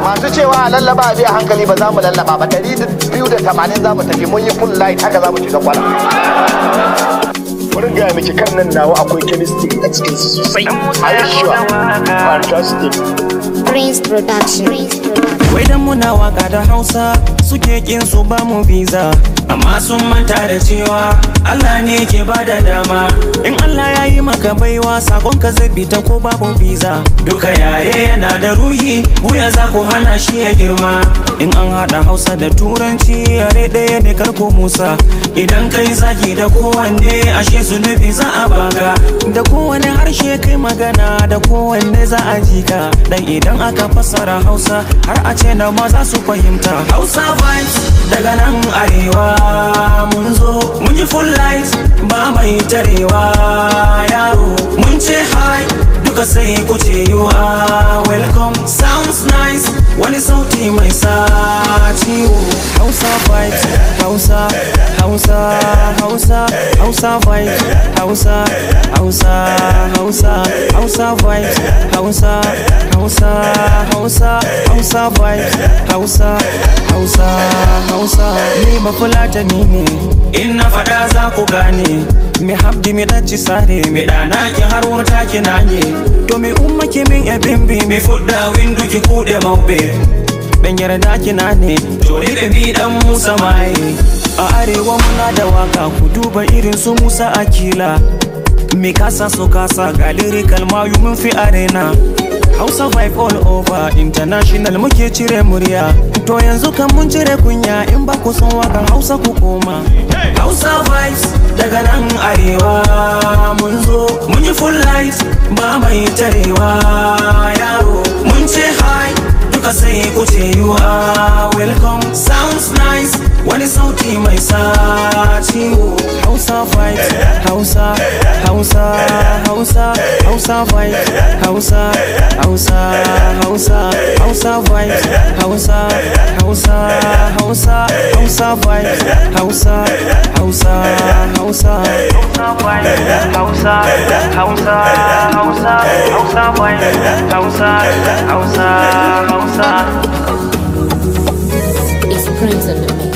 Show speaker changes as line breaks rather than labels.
masu cewa a lallaba biya hankali ba za mu lallaba ba ɗari biyu da tamanin za mu tafi mun yi full light haka za mu shiga kwana. Wurin gaya miki kan nan nawa akwai chemistry a cikin su sosai. Are you sure? Fantastic. Prince Production. Prince Production. wai dan muna waka da hausa suke kin su ba mu visa amma sun manta da cewa Allah ne ke bada dama in Allah ya yi maka baiwa sakon ka zai bita ko babu visa duka yare yana da ruhi buya za ku hana shi ya girma in an haɗa hausa da turanci yare ɗaya ne karko musa idan kai zaki da kowanne ashe zunubi za a baka da kowane harshe kai magana da kowanne za a jika dan idan aka fassara hausa har a na maza su fahimta Hausa vibes daga nan arewa mun zo mun yi full light ba mai tarewa yaro mun ce hi duka sai ku ce you are welcome sounds nice wani sauti mai sa ciwo Hausa vibes Hausa Hausa Hausa Hausa vibes Hausa Hausa Hausa Hausa vibes Hausa Hausa, Hausa, Hausa vibes, Hausa, Hausa, Hausa. Ni fulata ne. In faɗa za ku gane. Mi habdi mi dace sare, mi dana ki har wata ki na To mi umma ki min e bimbi, mi fudda windu ki kuɗe mabbe. Ben da ki ne, to ni dan Musa mai. A arewa muna da waka ku duba irin su Musa Akila. mi kasa so kasa galiri lyrical mayu mun fi arena. Hausa vibe all over international muke cire murya To yanzu kan mun cire kunya in ba ku son waka Hausa ku koma Hausa vibes daga nan arewa mun zo mun yi full life ba mai tarewa yaro mun ce hi duka sai ku ce you are welcome sounds nice wani sauti mai sa Hausa, Hausa, Hausa, Hausa vibes, Hausa, Hausa, Hausa, Hausa vibes, Hausa, Hausa, Hausa, Hausa vibes, Hausa, Hausa, Hausa, Hausa vibes, Hausa, Hausa, Hausa, Hausa vibes, Hausa, Hausa, Hausa. It's Prince of the Mix.